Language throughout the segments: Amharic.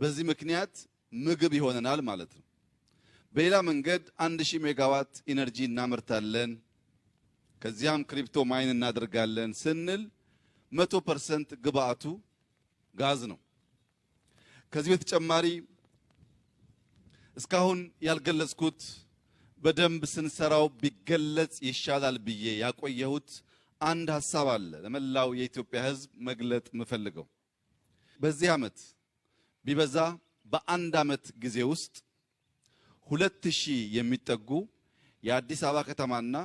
በዚህ ምክንያት ምግብ ይሆነናል ማለት ነው። በሌላ መንገድ አንድ ሺህ ሜጋዋት ኢነርጂ እናመርታለን፣ ከዚያም ክሪፕቶ ማይን እናደርጋለን ስንል መቶ ፐርሰንት ግብአቱ ጋዝ ነው። ከዚህ በተጨማሪ እስካሁን ያልገለጽኩት በደንብ ስንሰራው ቢገለጽ ይሻላል ብዬ ያቆየሁት አንድ ሀሳብ አለ ለመላው የኢትዮጵያ ሕዝብ መግለጥ የምፈልገው በዚህ ዓመት ቢበዛ በአንድ ዓመት ጊዜ ውስጥ ሁለት ሺህ የሚጠጉ የአዲስ አበባ ከተማና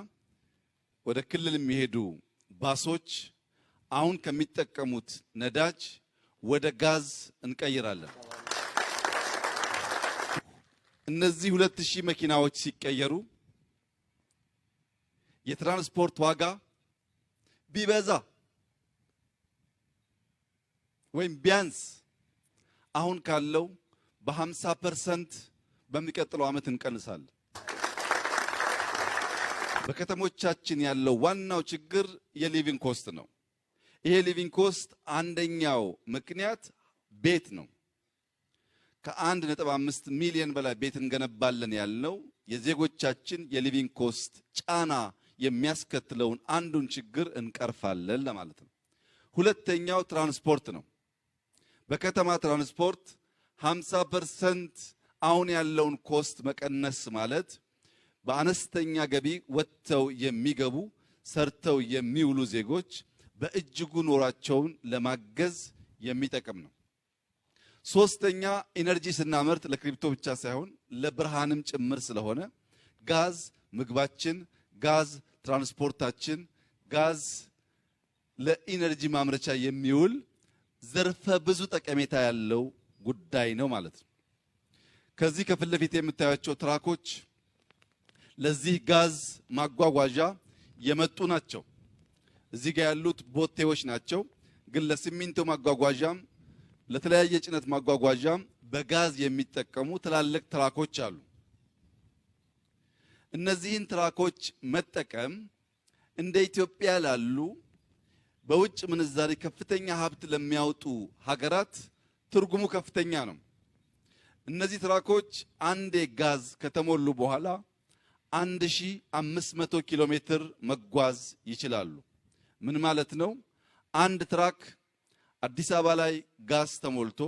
ወደ ክልል የሚሄዱ ባሶች አሁን ከሚጠቀሙት ነዳጅ ወደ ጋዝ እንቀይራለን። እነዚህ ሁለት ሺህ መኪናዎች ሲቀየሩ የትራንስፖርት ዋጋ ቢበዛ ወይም ቢያንስ አሁን ካለው በ50 ፐርሰንት በሚቀጥለው ዓመት እንቀንሳለን። በከተሞቻችን ያለው ዋናው ችግር የሊቪንግ ኮስት ነው። ይሄ ሊቪንግ ኮስት አንደኛው ምክንያት ቤት ነው። ከአንድ ነጥብ አምስት ሚሊዮን በላይ ቤት እንገነባለን ያልነው የዜጎቻችን የሊቪንግ ኮስት ጫና የሚያስከትለውን አንዱን ችግር እንቀርፋለን ለማለት ነው። ሁለተኛው ትራንስፖርት ነው። በከተማ ትራንስፖርት 50 ፐርሰንት አሁን ያለውን ኮስት መቀነስ ማለት በአነስተኛ ገቢ ወጥተው የሚገቡ ሰርተው የሚውሉ ዜጎች በእጅጉ ኖራቸውን ለማገዝ የሚጠቅም ነው። ሶስተኛ ኢነርጂ ስናመርት ለክሪፕቶ ብቻ ሳይሆን ለብርሃንም ጭምር ስለሆነ ጋዝ ምግባችን፣ ጋዝ ትራንስፖርታችን፣ ጋዝ ለኢነርጂ ማምረቻ የሚውል ዘርፈ ብዙ ጠቀሜታ ያለው ጉዳይ ነው ማለት ነው። ከዚህ ከፊት ለፊት የምታያቸው ትራኮች ለዚህ ጋዝ ማጓጓዣ የመጡ ናቸው። እዚህ ጋር ያሉት ቦቴዎች ናቸው። ግን ለሲሚንቶ ማጓጓዣም ለተለያየ ጭነት ማጓጓዣም በጋዝ የሚጠቀሙ ትላልቅ ትራኮች አሉ። እነዚህን ትራኮች መጠቀም እንደ ኢትዮጵያ ላሉ በውጭ ምንዛሪ ከፍተኛ ሀብት ለሚያወጡ ሀገራት ትርጉሙ ከፍተኛ ነው። እነዚህ ትራኮች አንዴ ጋዝ ከተሞሉ በኋላ 1500 ኪሎ ሜትር መጓዝ ይችላሉ። ምን ማለት ነው? አንድ ትራክ አዲስ አበባ ላይ ጋዝ ተሞልቶ